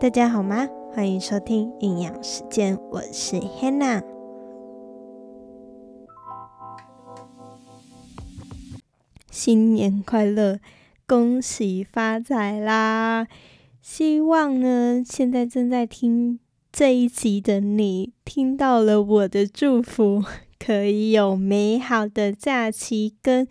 大家好嗎？歡迎收聽《營養食間》，我是 Hannah。新年快樂，恭喜發財啦！希望呢，現在正在聽這一集的你，聽到了我的祝福，可以有美好的假期跟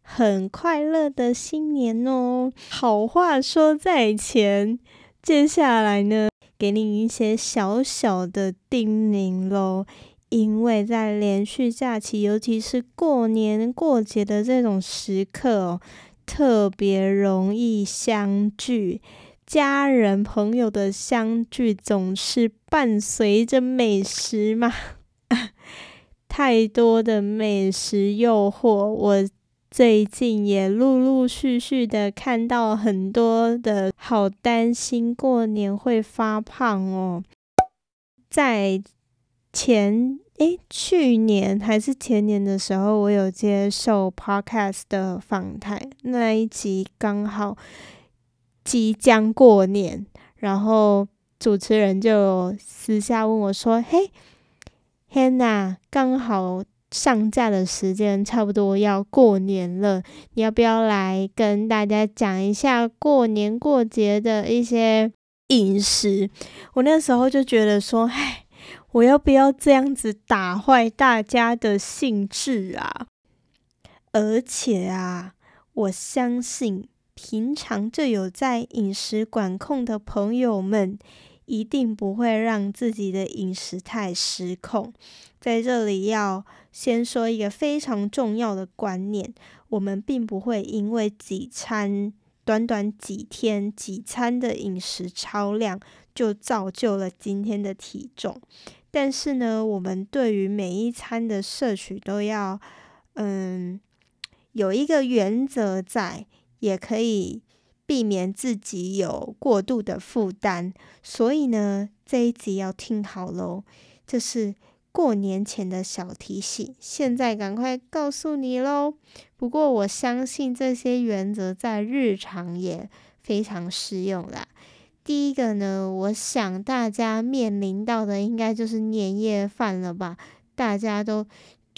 很快樂的新年哦、喔。好話說在前。接下來呢，給你一些小小的叮嚀咯，因為在連續假期，尤其是過年過節的這種時刻哦，特別容易相聚，家人朋友的相聚總是伴隨着美食嘛， 太多的美食誘惑我。最近也陸陸續續的看到很多的，好擔心過年會發胖哦。在前，欸，去年還是前年的時候，我有接受 podcast 的訪談，那一集剛好即將過年，然後主持人就私下問我說：“嘿，Hannah，剛好。”上架的時間差不多要過年了，你要不要來跟大家講一下過年過節的一些飲食？我那時候就覺得說，哎，我要不要這樣子打壞大家的興致啊？而且啊，我相信平常就有在飲食管控的朋友們。一定不會讓自己的飲食太失控。在這裡要先說一個非常重要的觀念。我們並不會因為幾餐，短短幾天，幾餐的飲食超量，就造就了今天的體重。但是呢，我們對於每一餐的攝取都要，嗯，有一個原則在，也可以。避免自己有過度的負擔，所以呢，這一集要聽好嘍，這是過年前的小提醒。現在趕快告訴你嘍！不過我相信這些原則在日常也非常適用啦。第一個呢，我想大家面臨到的應該就是年夜飯了吧？大家都。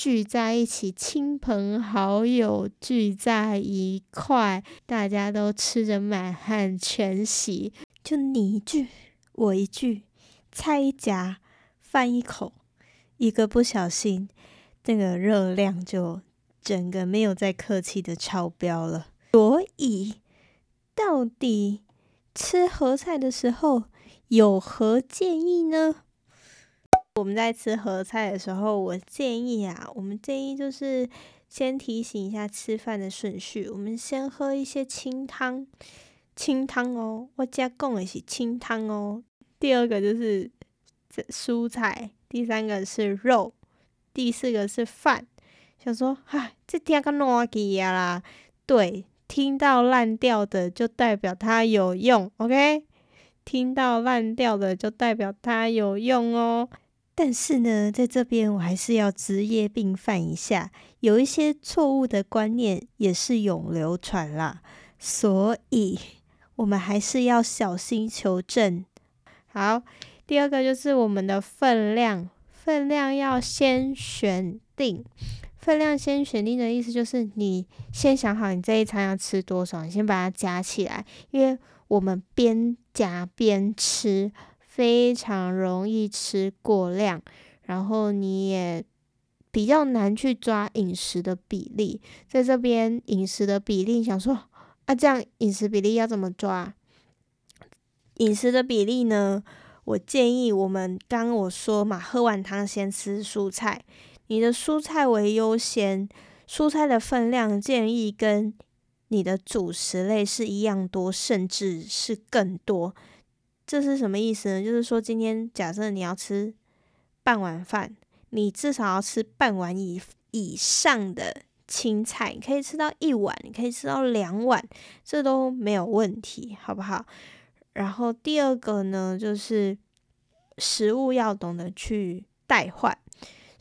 聚在一起，親朋好友聚在一塊，大家都吃着滿漢全席，就你一句我一句，菜一夾，飯一口，一個不小心，那、這個熱量就整個沒有再客氣的超標了。所以，到底吃合菜的時候有何建議呢？我們在吃合菜的時候，我建議啊，我們建議就是先提醒一下吃飯的順序。我們先喝一些清湯，清湯哦，我家講的是清湯哦。第二個就是這蔬菜，第三個是肉，第四個是飯。想說，哈，這第二個爛掉啦。對，聽到爛掉的就代表它有用，OK？聽到爛掉的就代表它有用哦。但是呢，在這邊我還是要職業病犯一下，有一些錯誤的觀念也是永流傳啦，所以我們還是要小心求證。好，第二個就是我們的分量，分量要先選定。分量先選定的意思就是，你先想好你這一餐要吃多少，你先把它夾起來，因為我們邊夾邊吃。非常容易吃過量，然後你也比較難去抓飲食的比例。在這邊，飲食的比例，想說啊，這樣飲食比例要怎麼抓？飲食的比例呢？我建議我們剛剛我說嘛，喝碗湯先吃蔬菜，你的蔬菜為優先，蔬菜的分量建議跟你的主食類是一樣多，甚至是更多。這是什麼意思呢？就是說，今天假設你要吃半碗飯，你至少要吃半碗以以上的青菜，你可以吃到一碗，你可以吃到兩碗，這都沒有問題，好不好？然後第二個呢，就是食物要懂得去代換，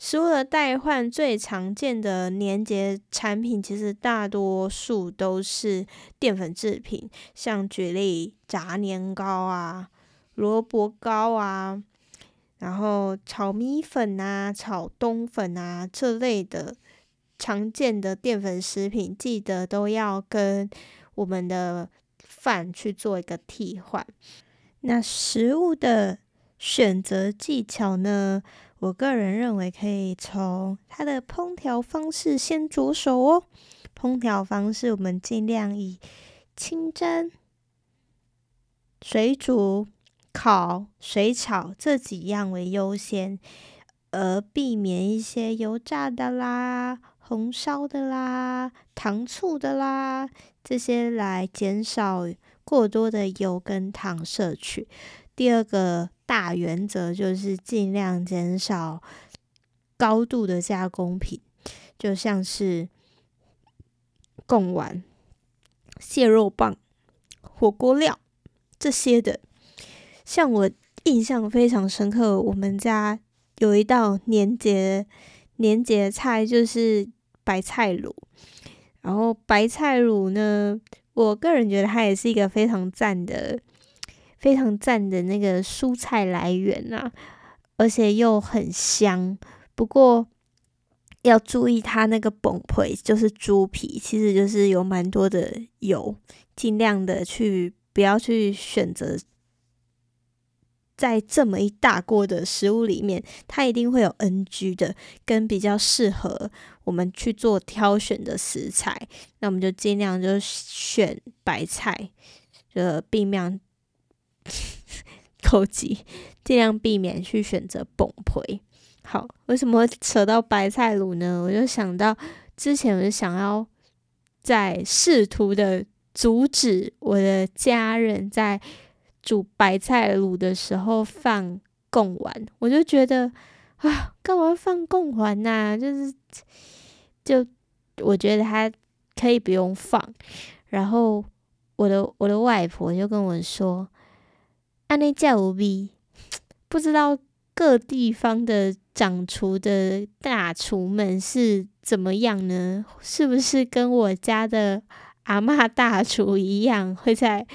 食物的代換最常見的年節產品，其實大多數都是澱粉製品，像舉例炸年糕啊。蘿蔔糕啊，然後炒米粉啊、炒冬粉啊這類的常見的澱粉食品，記得都要跟我們的飯去做一個替換。那食物的選擇技巧呢？我個人認為可以從它的烹調方式先着手哦。烹調方式，我們儘量以清蒸、水煮。烤、水炒這幾樣為優先，而避免一些油炸的啦、紅燒的啦、糖醋的啦，這些來減少過多的油跟糖攝取。第二個大原則就是盡量減少高度的加工品，就像是貢丸、蟹肉棒、火鍋料這些的。像我印象非常深刻，我們家有一道年節年節菜，就是白菜滷。然後白菜滷呢，我個人覺得它也是一個非常讚的、非常讚的那個蔬菜來源啊，而且又很香。不過要注意它那個崩皮，就是豬皮，其實就是有蠻多的油，盡量的去不要去選擇。在這麼一大鍋的食物裡面，它一定會有 NG 的，跟比較適合我們去做挑選的食材。那我們就盡量就選白菜，呃，避免口急，盡量避免去選擇崩潰。好，為什麼會扯到白菜滷呢？我就想到之前，我就想要在試圖的阻止我的家人在。煮白菜滷的時候放貢丸，我就覺得啊，幹嘛要放貢丸呢？啊？就是，就我覺得它可以不用放。然後我的我的外婆就跟我說：“按、啊、那家有味，不知道各地方的掌廚的大廚們是怎麼樣呢？是不是跟我家的阿嬤大廚一樣，會在？”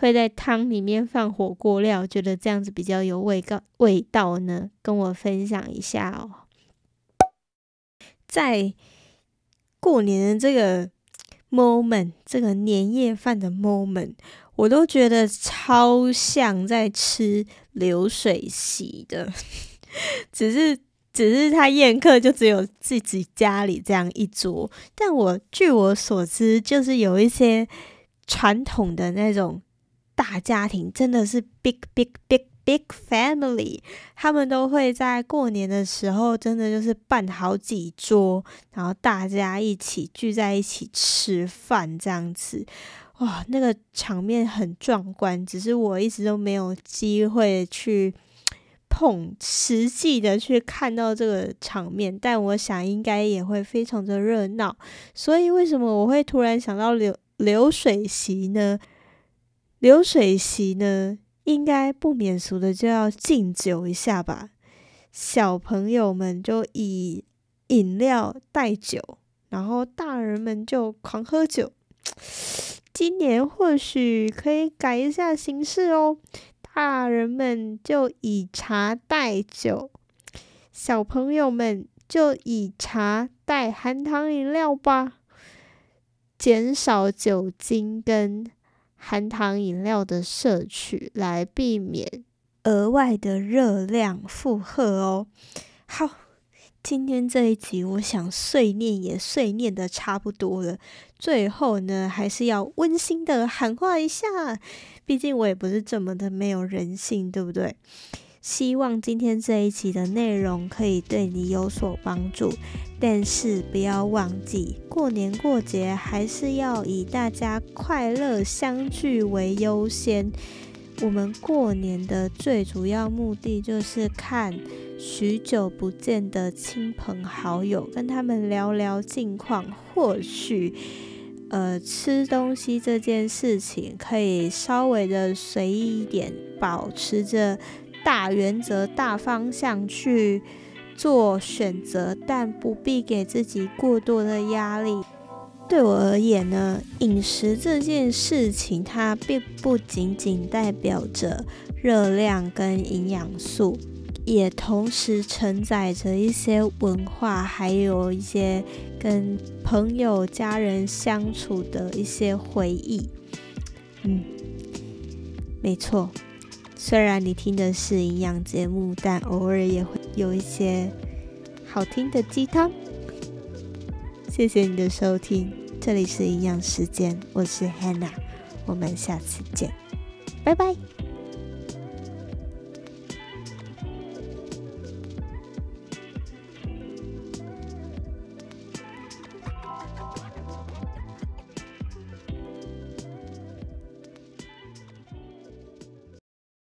會在湯裡面放火鍋料，覺得這樣子比較有味道。味道呢，跟我分享一下哦。在過年的這個 moment，這個年夜飯的 moment，我都覺得超像在吃流水席的，只是只是他宴客就只有自己家裡這樣一桌，但我據我所知，就是有一些傳統的那種。大家庭真的是 big big big big family，他們都會在過年的時候，真的就是辦好幾桌，然後大家一起聚在一起吃飯，這樣子，哇、哦，那個場面很壯觀。只是我一直都沒有機會去碰實際的去看到這個場面，但我想應該也會非常的熱鬧。所以為什麼我會突然想到流流水席呢？流水席呢，應該不免俗的就要敬酒一下吧。小朋友們就以飲料代酒，然後大人們就狂喝酒。今年或許可以改一下形式哦，大人們就以茶代酒，小朋友們就以茶代含糖飲料吧，減少酒精跟含糖飲料的攝取，來避免額外的熱量負荷哦。好，今天這一集我想碎念也碎念的差不多了。最後呢，還是要溫馨的喊話一下，畢竟我也不是這麼的沒有人性，對不對？希望今天這一集的內容可以對你有所幫助，但是不要忘記，過年過節還是要以大家快樂相聚為優先。我們過年的最主要目的就是看許久不見的親朋好友，跟他們聊聊近況。或許，呃，吃東西這件事情可以稍微的隨意一點，保持着。大原則、大方向去做選擇，但不必給自己過多的壓力。對我而言呢，飲食這件事情，它並不僅僅代表着熱量跟營養素，也同時承載着一些文化，還有一些跟朋友、家人相處的一些回憶。嗯，沒錯。雖然你聽的是營養節目，但偶爾也會有一些好聽的雞湯。謝謝你的收聽，這裡是營養食間，我是 Hannah，我們下次見，拜拜。